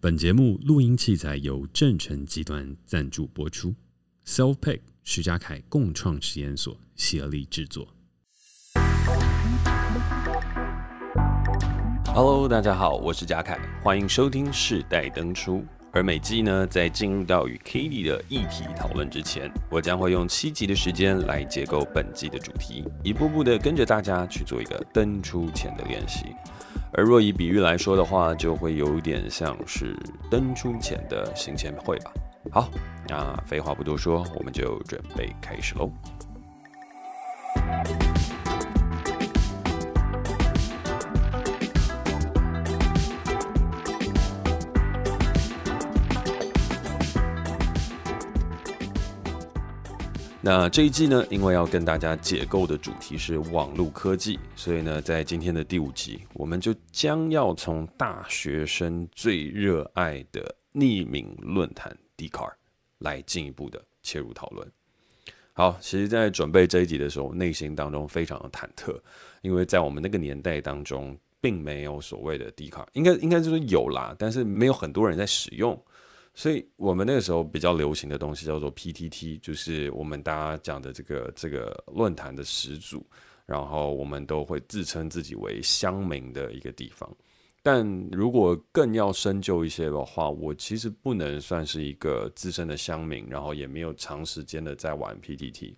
本節目錄音器材由正成集團贊助播出，Self Pick 徐嘉凱共創實驗所協力製作。Hello，大家好，我是嘉凱，歡迎收聽世代登出。而每季呢，在進入到與 Cady 的議題討論之前，我將會用七集的時間來結構本季的主題，一步步的跟着大家去做一個登出前的練習。而若以比喻來說的話，就會有點像是登出前的行前會吧。好，那廢話不多說，我們就準備開始嘍。那這一季呢，因為要跟大家解構的主題是網路科技，所以呢，在今天的第五集，我們就將要從大學生最熱愛的匿名論壇 Dcard 來進一步的切入討論。好，其實，在準備這一集的時候，內心當中非常的忐忑，因為在我們那個年代當中，並沒有所謂的 Dcard，應該應該就是有啦，但是沒有很多人在使用。所以我們那個時候比較流行的東西叫做 PTT，就是我們大家講的這個這個論壇的始祖，然後我們都會自稱自己為鄉民的一個地方。但如果更要深究一些的話，我其實不能算是一個資深的鄉民，然後也沒有長時間的在玩 PTT，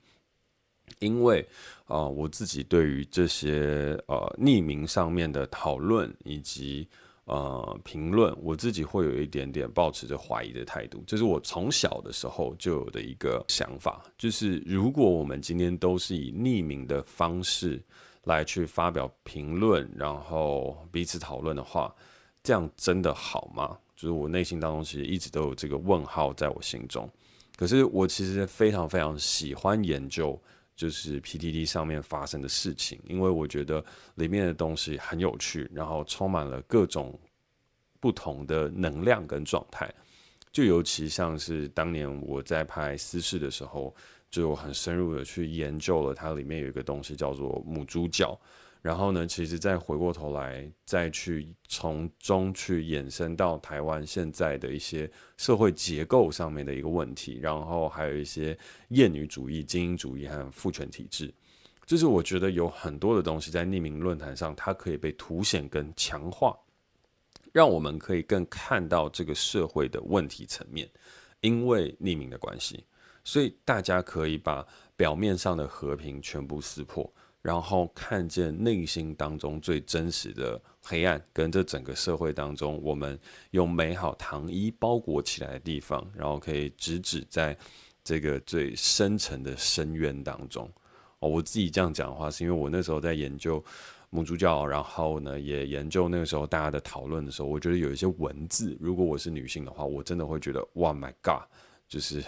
因為啊、呃，我自己對於這些呃匿名上面的討論以及。呃，評論我自己會有一點點抱持着懷疑的態度，這是我從小的時候就有的一個想法。就是如果我們今天都是以匿名的方式來去發表評論，然後彼此討論的話，這樣真的好嗎？就是我內心當中其實一直都有這個問號在我心中。可是我其實非常非常喜歡研究。就是 PTT 上面發生的事情，因為我覺得裡面的東西很有趣，然後充滿了各種不同的能量跟狀態。就尤其像是當年我在拍私事的時候，就很深入的去研究了它裡面有一個東西叫做母豬教然後呢，其實再回過頭來，再去從中去衍生到台灣現在的一些社會結構上面的一個問題，然後還有一些厭女主義、精英主義和父權體制，就是我覺得有很多的東西在匿名論壇上，它可以被凸顯跟強化，讓我們可以更看到這個社會的問題層面。因為匿名的關係，所以大家可以把表面上的和平全部撕破。然後看見內心當中最真實的黑暗，跟這整個社會當中我們用美好糖衣包裹起來的地方，然後可以直指在這個最深層的深淵當中。哦，我自己這樣講的話是因為我那時候在研究母豬教，然後呢也研究那個時候大家的討論的時候，我覺得有一些文字，如果我是女性的話，我真的會覺得哇 My God，就是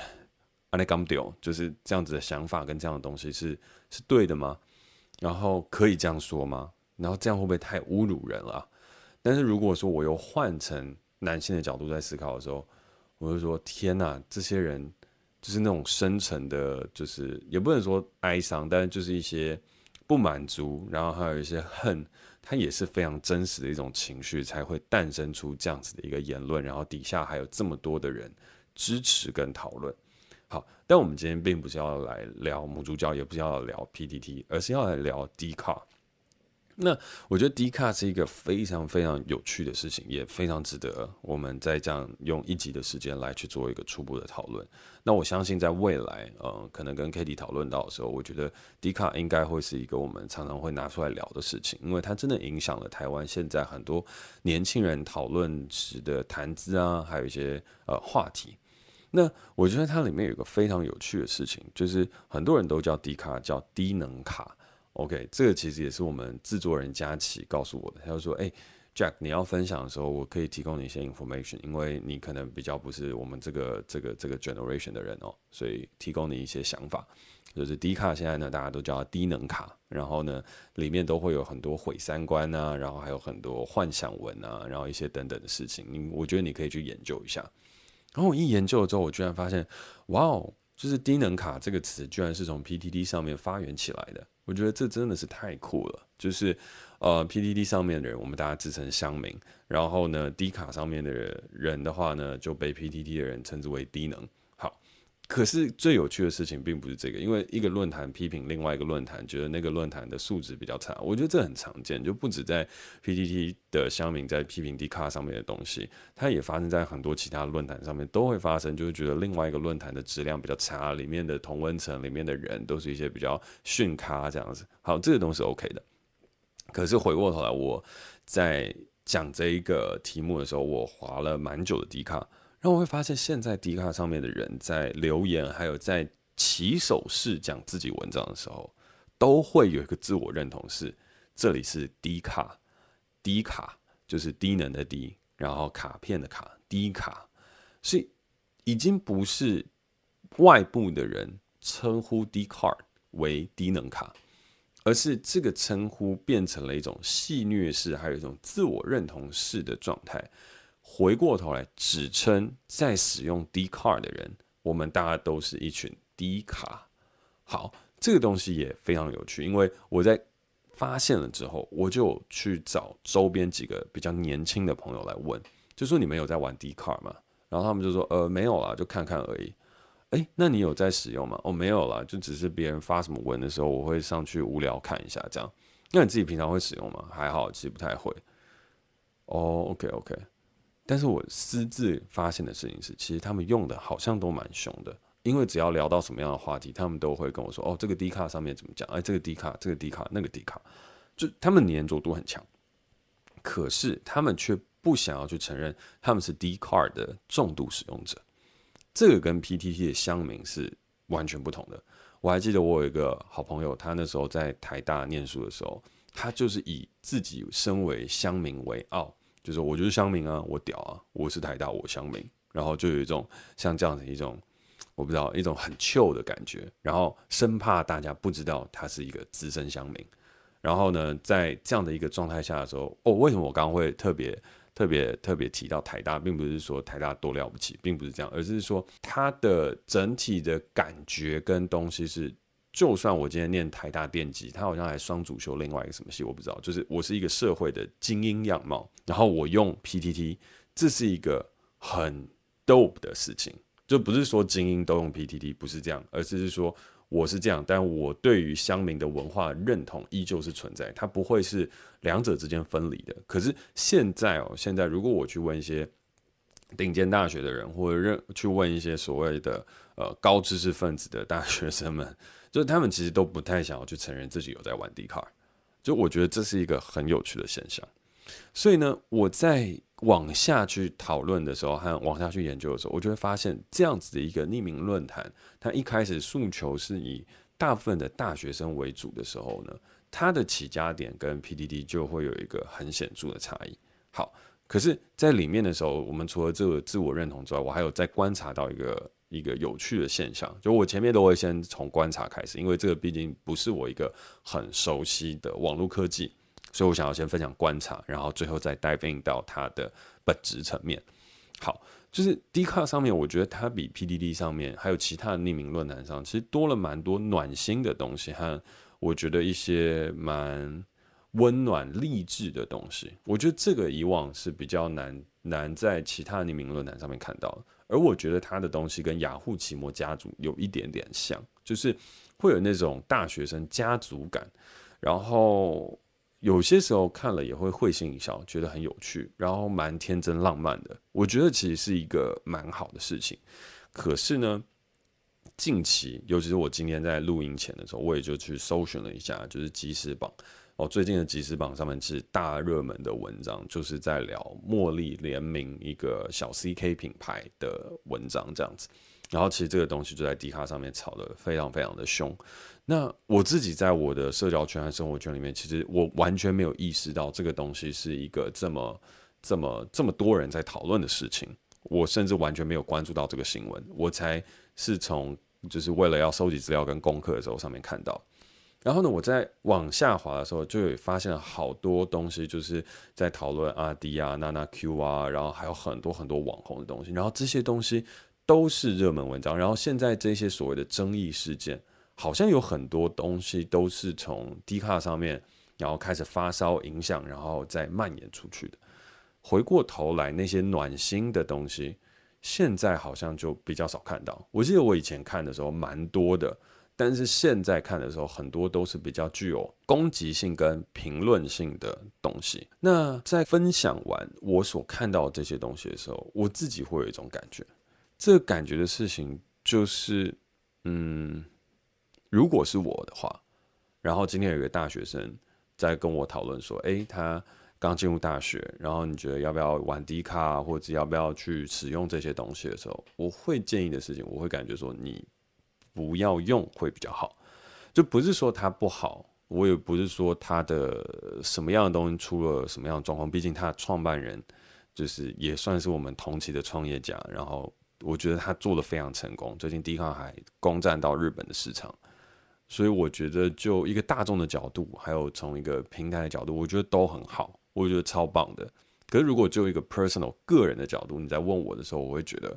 阿內岡丟，就是這樣子的想法跟這樣的東西是是對的嗎？然後可以這樣說嗎？然後這樣會不會太侮辱人了啊？但是如果說我又換成男性的角度在思考的時候，我就說：天哪，這些人就是那種深層的，就是也不能說哀傷，但是就是一些不滿足，然後還有一些恨，他也是非常真實的一種情緒，才會誕生出這樣子的一個言論。然後底下還有這麼多的人支持跟討論。好，但我們今天並不是要來聊母豬教，也不是要聊 PTT，而是要來聊 D 卡。那我覺得 D 卡是一個非常非常有趣的事情，也非常值得我們在這樣用一集的時間來去做一個初步的討論。那我相信在未來，呃，可能跟 Cady 討論到的時候，我覺得 D 卡應該會是一個我們常常會拿出來聊的事情，因為它真的影響了台灣現在很多年輕人討論時的談資啊，還有一些呃話題。那我覺得它裡面有個非常有趣的事情，就是很多人都叫 D 卡，叫低能卡。OK，這個其實也是我們製作人佳琪告訴我的。他就說：“哎，Jack，你要分享的時候，我可以提供你一些 information，因為你可能比較不是我們這個這個這個 generation 的人哦，所以提供你一些想法。就是 D 卡現在呢，大家都叫低能卡，然後呢，裡面都會有很多毀三觀啊，然後還有很多幻想文啊，然後一些等等的事情。你我覺得你可以去研究一下。”然後我一研究了之後，我居然發現，哇哦，就是低能卡這個詞，居然是從 PTT 上面發源起來的。我覺得這真的是太酷了。就是，呃，PTT 上面的人，我們大家自稱鄉民，然後呢，D 卡上面的人，人的話呢，就被 PTT 的人稱之為低能。可是最有趣的事情並不是這個，因為一個論壇批評另外一個論壇，覺得那個論壇的素質比較差，我覺得這很常見，就不止在 PTT 的鄉民在批評 D 卡上面的東西，它也發生在很多其他論壇上面，都會發生，就是覺得另外一個論壇的質量比較差，裡面的同溫層裡面的人都是一些比較遜咖這樣子。好，這個東西 OK 的。可是回過頭來，我在講這一個題目的時候，我滑了蠻久的 D 卡。然後我會發現，現在 D 卡上面的人在留言，還有在起手式講自己文章的時候，都會有一個自我認同，是這裡是低卡，低卡就是低能的低，然後卡片的卡，低卡，所以已經不是外部的人稱呼 D 卡為低能卡，而是這個稱呼變成了一種戲謔式，還有一種自我認同式的狀態。回過頭來，指稱在使用 D 卡的人，我們大家都是一群低卡。好，這個東西也非常有趣，因為我在發現了之後，我就去找周邊幾個比較年輕的朋友來問，就說你們有在玩 D 卡嗎？然後他們就說，呃，沒有啦，就看看而已。哎、欸，那你有在使用嗎？哦，沒有啦，就只是別人發什麼文的時候，我會上去無聊看一下這樣。那你自己平常會使用嗎？還好，其實不太會。哦，OK，OK。Okay, okay. 但是我私自發現的事情是，其實他們用的好像都蠻兇的，因為只要聊到什麼樣的話題，他們都會跟我說：“哦，這個 d 卡上面怎麼講？誒、欸，這個 d 卡，這個 d 卡、那個 d 卡，就，他們黏着度很強。可是他們卻不想要去承認他們是 D 卡的重度使用者。這個跟 PTT 的鄉民是完全不同的。我還記得我有一個好朋友，他那時候在台大念書的時候，他就是以自己身為鄉民為傲。”就是我就是鄉民啊，我屌啊，我是台大我鄉民，然後就有一種像這樣子一種，我不知道一種很臭的感覺，然後生怕大家不知道他是一個資深鄉民，然後呢，在這樣的一個狀態下的時候，哦，為什麼我剛剛會特別特別特別提到台大，並不是說台大多了不起，並不是這樣，而是說它的整體的感覺跟東西是。就算我今天念台大電機，他好像還雙主修另外一個什麼系，我不知道。就是我是一個社會的精英樣貌，然後我用 PTT，這是一個很 dope 的事情。就不是說精英都用 PTT，不是這樣，而是是說我是這樣，但我對於鄉民的文化認同依舊是存在，它不會是兩者之間分離的。可是現在哦、喔，現在如果我去問一些頂尖大學的人，或者認去問一些所謂的呃高知識分子的大學生們。就是他們其實都不太想要去承認自己有在玩 Dcard，就我覺得這是一個很有趣的現象。所以呢，我在往下去討論的時候，和往下去研究的時候，我就會發現這樣子的一個匿名論壇，它一開始訴求是以大部分的大學生為主的時候呢，它的起家點跟 PTT 就會有一個很顯著的差異。好，可是，在裡面的時候，我們除了這個自我認同之外，我還有在觀察到一個。一個有趣的現象，就我前面都會先從觀察開始，因為這個畢竟不是我一個很熟悉的網絡科技，所以我想要先分享觀察，然後最後再 diving 到它的本質層面。好，就是 Dcard 上面，我覺得它比 PDD 上面，還有其他的匿名論壇上，其實多了蠻多暖心的東西和我覺得一些蠻溫暖勵志的東西。我覺得這個以往是比較難難在其他匿名論壇上面看到的。而我覺得他的東西跟雅虎奇摩家族有一點點像，就是會有那種大學生家族感，然後有些時候看了也會會心一笑，覺得很有趣，然後蠻天真浪漫的。我覺得其實是一個蠻好的事情。可是呢，近期，尤其是我今天在錄音前的時候，我也就去搜尋了一下，就是即時榜。我最近的即時榜上面是大熱門的文章，就是在聊茉莉聯名一個小 CK 品牌的文章這樣子。然後其實這個東西就在迪卡上面炒得非常非常的兇。那我自己在我的社交圈和生活圈裡面，其實我完全沒有意識到這個東西是一個這麼這麼這麼多人在討論的事情。我甚至完全沒有關注到這個新聞。我才是從就是為了要收集資料跟功課的時候上面看到。然後呢，我在往下滑的時候，就有發現好多東西，就是在討論阿滴啊、娜娜 Q 啊，然後還有很多很多網紅的東西。然後這些東西都是熱門文章。然後現在這些所謂的爭議事件，好像有很多東西都是從 D 卡上面，然後開始發燒影響，然後再蔓延出去的。回過頭來，那些暖心的東西，現在好像就比較少看到。我記得我以前看的時候，蠻多的。但是現在看的時候，很多都是比較具有攻擊性跟評論性的東西。那在分享完我所看到這些東西的時候，我自己會有一種感覺，這個感覺的事情就是，嗯，如果是我的話，然後今天有一個大學生在跟我討論說，哎、欸，他剛進入大學，然後你覺得要不要玩 D 卡啊，或者要不要去使用這些東西的時候，我會建議的事情，我會感覺說你。不要用會比較好，就不是說它不好，我也不是說它的什麼樣的東西出了什麼樣的狀況。畢竟它創辦人就是也算是我們同期的創業家，然後我覺得他做得非常成功，最近 Dcard 還攻占到日本的市場，所以我覺得就一個大眾的角度，還有從一個平台的角度，我覺得都很好，我覺得超棒的。可是如果就一個 personal 個人的角度你在問我的時候，我會覺得。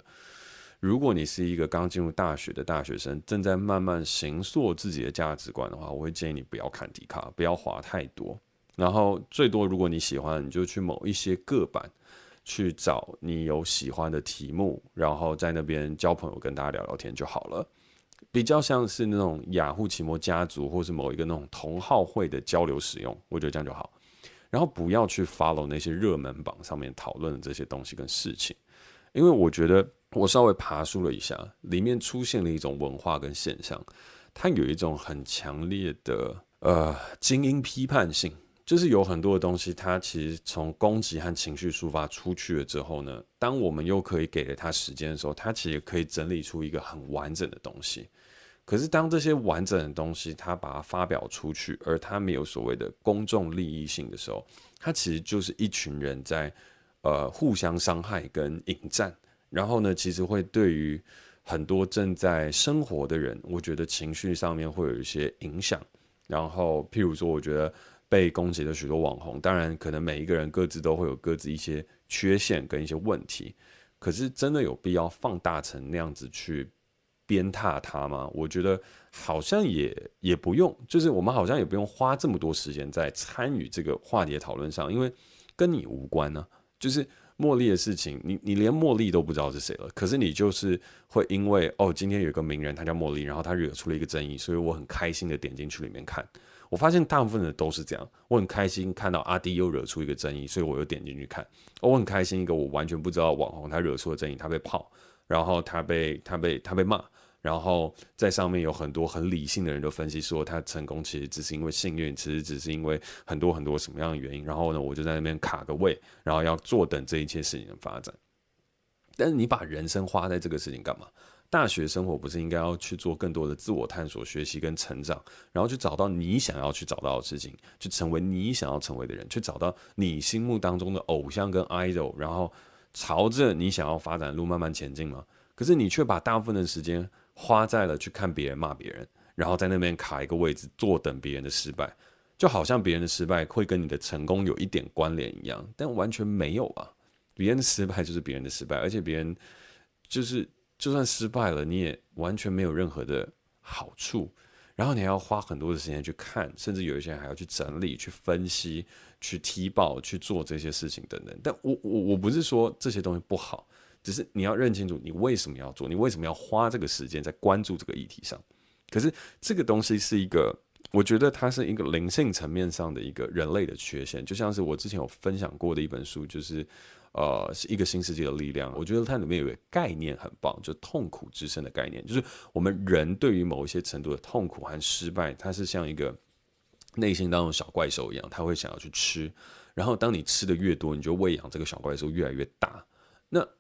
如果你是一個剛進入大學的大學生，正在慢慢形塑自己的價值觀的話，我會建議你不要看迪卡，不要滑太多。然後最多，如果你喜歡，你就去某一些個版去找你有喜歡的題目，然後在那邊交朋友，跟大家聊聊天就好了。比較像是那種雅虎奇摩家族，或是某一個那種同好會的交流使用，我覺得這樣就好。然後不要去 follow 那些熱門榜上面討論的這些東西跟事情，因為我覺得。我稍微爬梳了一下，裡面出現了一種文化跟現象，它有一種很強烈的呃精英批判性，就是有很多的東西，它其實從攻擊和情緒抒發出去了之後呢，當我們又可以給了它時間的時候，它其實可以整理出一個很完整的東西。可是當這些完整的東西它把它發表出去，而它沒有所謂的公眾利益性的時候，它其實就是一群人在呃互相傷害跟引戰。然後呢，其實會對於很多正在生活的人，我覺得情緒上面會有一些影響。然後，譬如說，我覺得被攻擊的許多網紅，當然，可能每一個人各自都會有各自一些缺陷跟一些問題。可是，真的有必要放大成那樣子去鞭撻他嗎？我覺得好像也也不用，就是我們好像也不用花這麼多時間在參與這個話題的討論上，因為跟你無關呢、啊。就是。茉莉的事情，你你連茉莉都不知道是誰了，可是你就是會因為哦，今天有一個名人，他叫茉莉，然後他惹出了一個爭議，所以我很開心的點進去裡面看。我發現大部分的人都是這樣，我很開心看到阿滴又惹出一個爭議，所以我又點進去看。哦，我很開心，一個我完全不知道網紅他惹出了爭議，他被砲，然後他被他被他被罵。然後在上面有很多很理性的人就分析說，他成功其實只是因為幸運，其實只是因為很多很多什麼樣的原因。然後呢，我就在那邊卡個位，然後要坐等這一切事情的發展。但是你把人生花在這個事情幹嘛？大學生活不是應該要去做更多的自我探索、學習跟成長，然後去找到你想要去找到的事情，去成為你想要成為的人，去找到你心目當中的偶像跟 idol，然後朝着你想要發展的路慢慢前進嗎？可是你卻把大部分的時間。花在了去看別人罵別人，然後在那邊卡一個位置坐等別人的失敗，就好像別人的失敗會跟你的成功有一點關聯一樣，但完全沒有啊！別人的失敗就是別人的失敗，而且別人就是就算失敗了，你也完全沒有任何的好處，然後你還要花很多的時間去看，甚至有一些人還要去整理、去分析、去踢爆、去做這些事情等等。但我我我不是說這些東西不好。只是你要認清楚，你為什麼要做，你為什麼要花這個時間在關注這個議題上。可是這個東西是一個，我覺得它是一個靈性層面上的一個人類的缺陷。就像是我之前有分享過的一本書，就是呃，是一個新世界的力量。我覺得它裡面有一個概念很棒，就痛苦之身的概念。就是我們人對於某一些程度的痛苦和失敗，它是像一個內心當中小怪獸一樣，他會想要去吃。然後當你吃的越多，你就餵養這個小怪獸越來越大。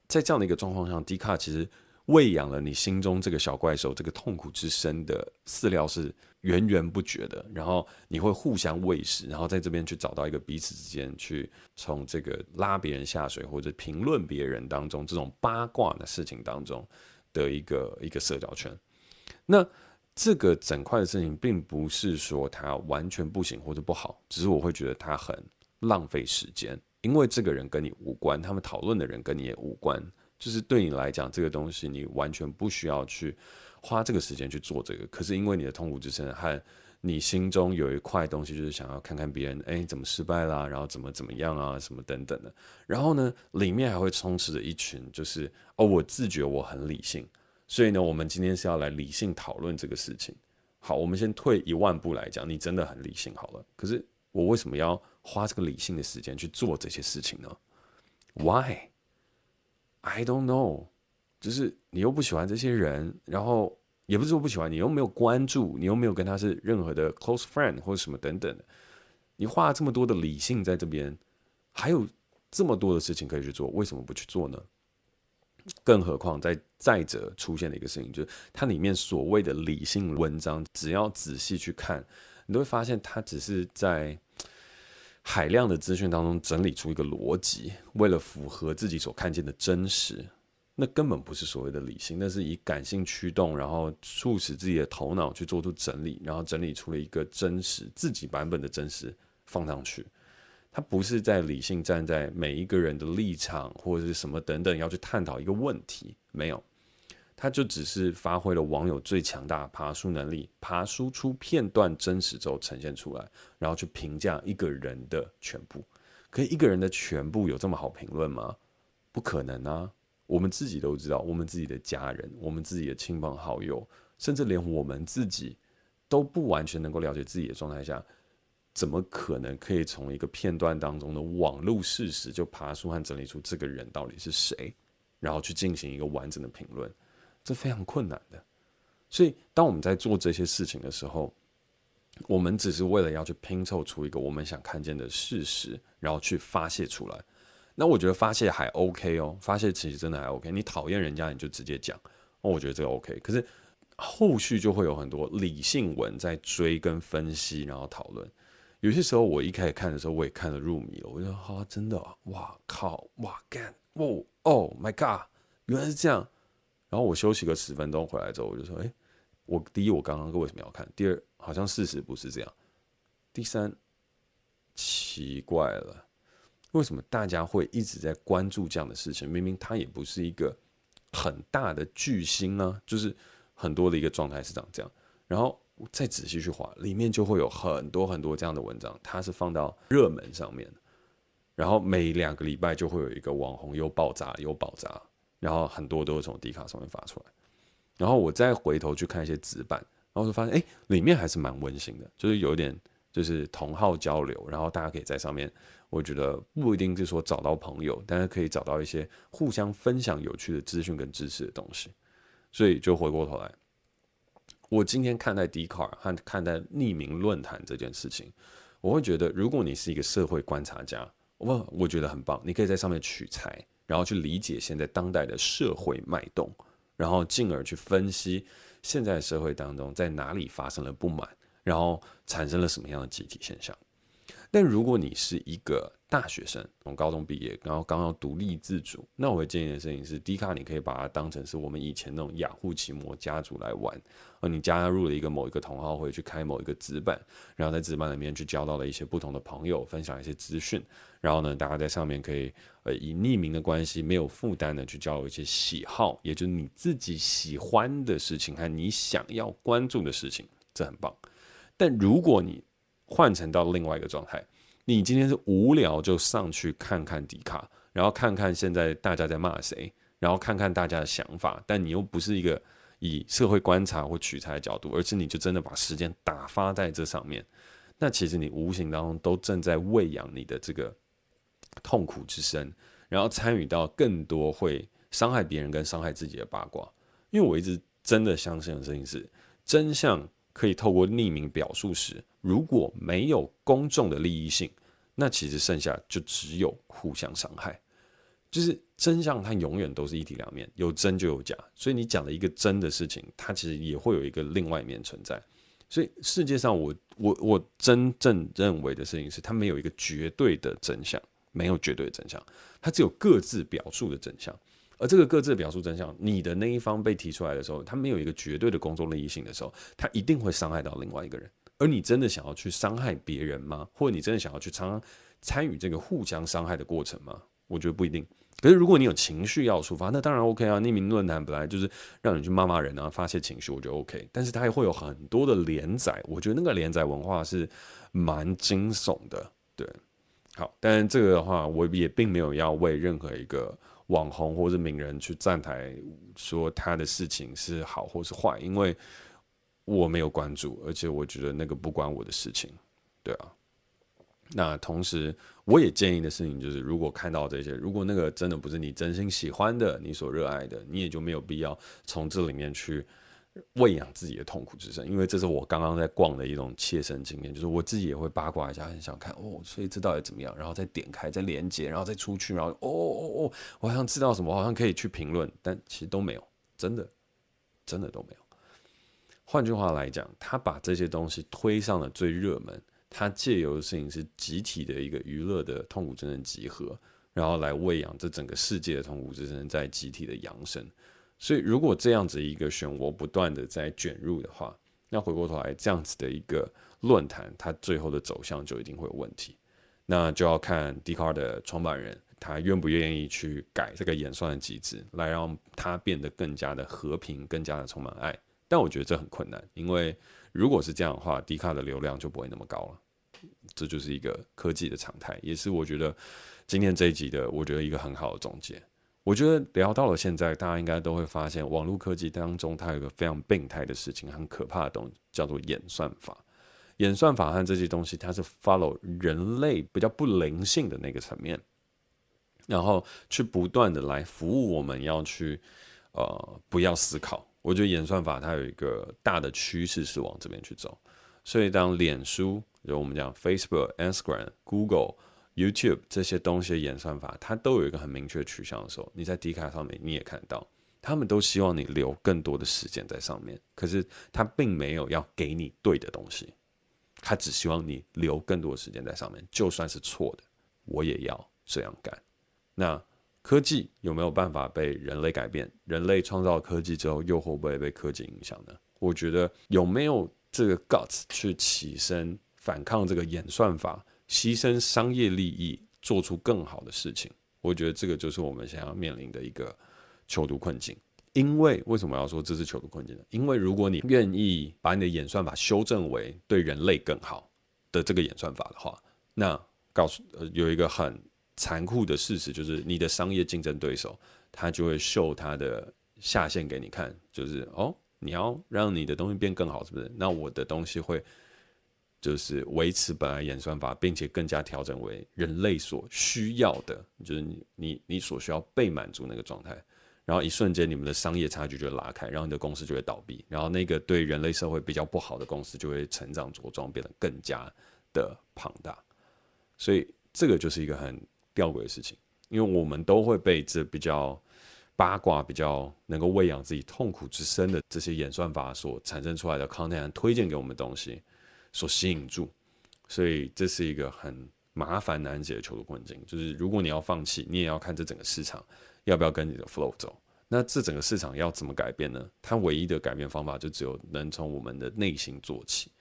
在這樣的一個狀況下，D 卡其實餵養了你心中這個小怪獸，這個痛苦之身的飼料是源源不絕的。然後你會互相餵食，然後在這邊去找到一個彼此之間去從這個拉別人下水或者評論別人當中，這種八卦的事情當中的一個一個社交圈。那這個整塊的事情，並不是說它完全不行或者不好，只是我會覺得它很浪費時間。因為這個人跟你無關，他們討論的人跟你也無關，就是對你來講，這個東西你完全不需要去花這個時間去做這個。可是因為你的痛苦之撐和你心中有一塊東西，就是想要看看別人，哎，怎麼失敗啦、啊，然後怎麼怎麼樣啊，什麼等等的。然後呢，裡面還會充斥着一群，就是哦，我自覺我很理性，所以呢，我們今天是要來理性討論這個事情。好，我們先退一萬步來講，你真的很理性好了，可是，我為什麼要花這個理性的時間去做這些事情呢？Why? I don't know。就是你又不喜歡這些人，然後也不是說不喜歡，你又沒有關注，你又沒有跟他是任何的 close friend 或者什麼等等。你花了這麼多的理性在這邊，還有這麼多的事情可以去做，為什麼不去做呢？更何況，在再者出現的一個事情，就是它裡面所謂的理性文章，只要仔細去看，你都會發現它只是在。海量的資訊當中整理出一個邏輯，為了符合自己所看見的真實，那根本不是所謂的理性，那是以感性驅動，然後促使自己的頭腦去做出整理，然後整理出了一個真實，自己版本的真實放上去，它不是在理性站在每一個人的立場或者是什麼等等要去探討一個問題，沒有。他就只是發揮了網友最強大爬梳能力，爬梳出片段真實之後呈現出來，然後去評價一個人的全部。可以一個人的全部有這麼好評論嗎？不可能啊！我們自己都知道，我們自己的家人、我們自己的親朋好友，甚至連我們自己都不完全能夠了解自己的狀態下，怎麼可能可以從一個片段當中的網路事實就爬梳和整理出這個人到底是誰，然後去進行一個完整的評論？這非常困難的，所以當我們在做這些事情的時候，我們只是為了要去拼湊出一個我們想看見的事實，然後去發洩出來。那我覺得發洩還 OK 哦，發洩其實真的還 OK。你討厭人家，你就直接講，哦，我覺得這個 OK。可是後續就會有很多理性文在追跟分析，然後討論。有些時候我一開始看的時候，我也看得入迷了，我就說：“哈，啊，真的，哇靠，哇幹，喔哦，哦 my God，原來是這樣。”然後我休息個十分鐘回來之後，我就說：“哎，我第一，我剛剛為什麼要看？第二，好像事實不是這樣。第三，奇怪了，為什麼大家會一直在關注這樣的事情？明明他也不是一個很大的巨星呢、啊，就是很多的一個狀態是長這樣。然後再仔細去划，裡面就會有很多很多這樣的文章，它是放到熱門上面。然後每兩個禮拜就會有一個網紅又爆炸又爆炸。”然後很多都是從 Dcard 上面發出來，然後我再回頭去看一些紙板，然後就發現，哎，裡面還是蠻溫馨的，就是有點就是同好交流，然後大家可以在上面，我覺得不一定是說找到朋友，但是可以找到一些互相分享有趣的資訊跟知識的東西。所以就回過頭來，我今天看待 Dcard 和看待匿名論壇這件事情，我會覺得，如果你是一個社會觀察家，我我覺得很棒，你可以在上面取材。然後去理解現在當代的社會脈動，然後進而去分析現在社會當中在哪裡發生了不滿，然後產生了什麼樣的集體現象。但如果你是一個大學生，從高中畢業，然後剛剛獨立自主，那我會建議的事情是 D 卡你可以把它當成是我們以前那種 Yahoo 奇摩家族來玩。而你加入了一個某一個同好，會去開某一個子版，然後在子版裡面去交到了一些不同的朋友，分享一些資訊。然後呢，大家在上面可以呃以匿名的關係，沒有負擔的去交流一些喜好，也就是你自己喜歡的事情，和你想要關注的事情，這很棒。但如果你換成到另外一個狀態，你今天是無聊就上去看看 Dcard，然後看看現在大家在罵誰，然後看看大家的想法，但你又不是一個以社會觀察或取材的角度，而是你就真的把時間打發在這上面，那其實你無形當中都正在餵養你的這個痛苦之身，然後參與到更多會傷害別人跟傷害自己的八卦。因為我一直真的相信的事情是真相。可以透過匿名表述時，如果沒有公眾的利益性，那其實剩下就只有互相傷害。就是真相，它永遠都是一體兩面，有真就有假。所以你講了一個真的事情，它其實也會有一個另外一面存在。所以世界上我，我我我真正認為的事情是，它沒有一個絕對的真相，沒有絕對的真相，它只有各自表述的真相。而這個各自的表述真相，你的那一方被提出來的時候，他沒有一個絕對的公眾利益性的時候，他一定會傷害到另外一個人。而你真的想要去傷害別人嗎？或者你真的想要去參參與這個互相傷害的過程嗎？我覺得不一定。可是如果你有情緒要出發，那當然 OK 啊。匿名論壇本來就是讓你去罵罵人啊，發洩情緒，我覺得 OK。但是它也會有很多的連載，我覺得那個連載文化是蠻驚悚的。對，好，但這個的話，我也並沒有要為任何一個。網紅或者名人去站台說他的事情是好或是壞，因為我沒有關注，而且我覺得那個不關我的事情，對啊。那同時，我也建議的事情就是，如果看到這些，如果那個真的不是你真心喜歡的、你所熱愛的，你也就沒有必要從這裡面去。餵養自己的痛苦之聲，因為這是我剛剛在逛的一種切身經驗，就是我自己也會八卦一下，很想看哦，所以這到底怎麼樣？然後再點開，再連接，然後再出去，然後哦哦哦我我想知道什麼，好像可以去評論，但其實都沒有，真的，真的都沒有。換句話來講，他把這些東西推上了最熱門，他借由攝影師集體的一個娛樂的痛苦之聲集合，然後來餵養這整個世界的痛苦之聲，在集體的揚聲。所以，如果這樣子一個漩渦不斷的在捲入的話，那回過頭來，這樣子的一個論壇，它最後的走向就一定會有問題。那就要看 Dcard 的創辦人他願不願意去改這個演算的機制，來讓它變得更加的和平，更加的充滿愛。但我覺得這很困難，因為如果是這樣的話，Dcard 的流量就不會那麼高了。這就是一個科技的常態，也是我覺得今天這一集的，我覺得一個很好的總結。我覺得聊到了現在，大家應該都會發現，網絡科技當中它有一個非常病態的事情，很可怕的東西，叫做演算法。演算法和這些東西，它是 follow 人類比較不靈性的那個層面，然後去不斷的來服務我們要去，呃，不要思考。我覺得演算法它有一個大的趨勢是往這邊去走，所以當臉書，就我們講 Facebook、Instagram、Google。YouTube 這些東西的演算法，它都有一個很明確的取向的時候，你在 D 卡上面你也看到，他們都希望你留更多的時間在上面，可是他並沒有要給你對的東西，他只希望你留更多的時間在上面，就算是錯的，我也要這樣幹。那科技有沒有辦法被人類改變？人類創造科技之後，又會不會被科技影響呢？我覺得有沒有這個 guts 去起身反抗這個演算法？犧牲商業利益，做出更好的事情，我覺得這個就是我們想要面臨的一個囚徒困境。因為為什麼要說這是囚徒困境呢？因為如果你願意把你的演算法修正為對人類更好的這個演算法的話，那告訴有一個很殘酷的事實就是，你的商業競爭對手他就會秀他的下限給你看，就是哦，你要讓你的東西變更好，是不是？那我的東西會。就是維持本來演算法，並且更加調整為人類所需要的，就是你你你所需要被滿足那個狀態。然後一瞬間，你們的商業差距就會拉開，然後你的公司就會倒閉，然後那個對人類社會比較不好的公司就會成長茁壯變得更加的龐大。所以這個就是一個很吊詭的事情，因為我們都會被這比較八卦、比較能夠餵養自己痛苦之身的這些演算法所產生出來的 content 推薦給我們的東西所吸引住，所以這是一個很麻煩難解的求助困境。就是如果你要放棄，你也要看這整個市場要不要跟你的 flow 走。那這整個市場要怎麼改變呢？它唯一的改變方法就只有能從我們的內心做起。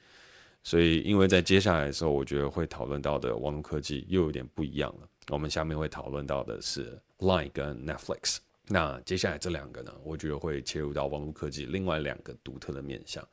所以，因為在接下來的時候，我覺得會討論到的網絡科技又有點不一樣了。我們下面會討論到的是 Line 跟 Netflix。那接下來這兩個呢，我覺得會切入到網絡科技另外兩個獨特的面向。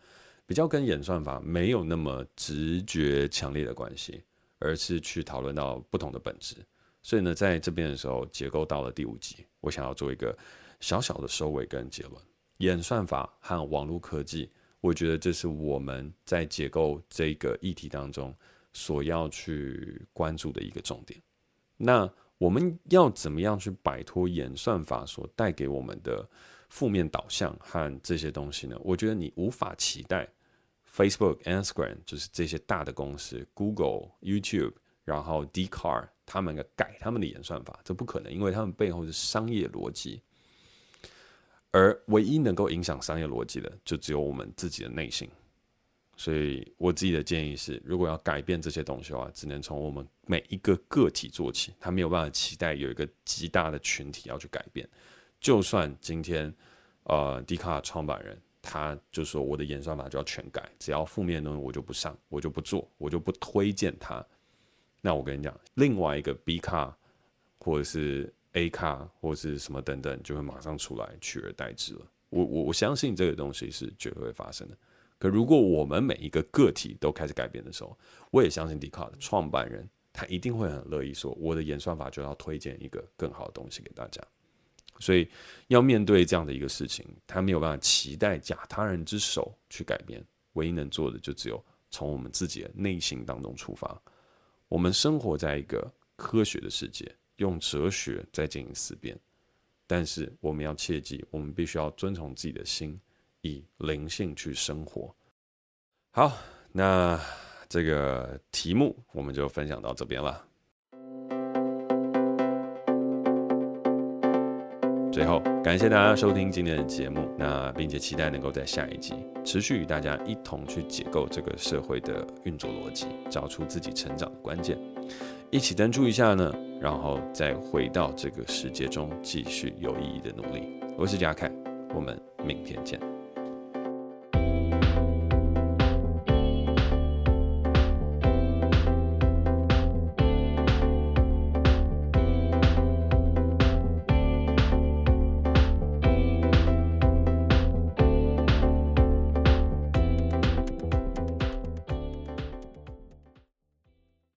比較跟演算法沒有那麼直覺強烈的關係，而是去討論到不同的本質。所以呢，在這邊的時候，結構到了第五集，我想要做一個小小的收尾跟結論。演算法和網絡科技，我覺得這是我們在結構這個議題當中所要去關注的一個重點。那我們要怎麼樣去擺脫演算法所帶給我們的負面導向和這些東西呢？我覺得你無法期待 Facebook、Instagram 就是這些大的公司，Google、YouTube，然後 Dcard，他們的改他們的演算法，這不可能，因為他們背後是商業邏輯。而唯一能夠影響商業邏輯的，就只有我們自己的內心。所以我自己的建議是，如果要改變這些東西的話，只能從我們每一個個體做起。他沒有辦法期待有一個極大的群體要去改變。就算今天，呃，Dcard 創辦人，他就說，我的演算法就要全改，只要負面的東西我就不上，我就不做，我就不推薦它。那我跟你講，另外一個 B 卡，或者是 A 卡，或是什麼等等，就會馬上出來取而代之了。我我我相信這個東西是絕對會發生的。可如果我們每一個個體都開始改變的時候，我也相信 Dcard 的創辦人，他一定會很樂意說，我的演算法就要推薦一個更好的東西給大家。所以，要面對這樣的一個事情，他沒有辦法期待假他人之手去改變，唯一能做的就只有從我們自己的內心當中出發。我們生活在一個科學的世界，用哲學在進行思辨，但是我們要切記，我們必須要遵從自己的心，以靈性去生活。好，那這個題目我們就分享到這邊了。最後，感謝大家收聽今天的節目，那並且期待能夠在下一集持續與大家一同去解構這個社會的運作邏輯，找出自己成長的關鍵，一起登出一下呢，然後再回到這個世界中繼續有意義的努力。我是嘉凱，我們明天見。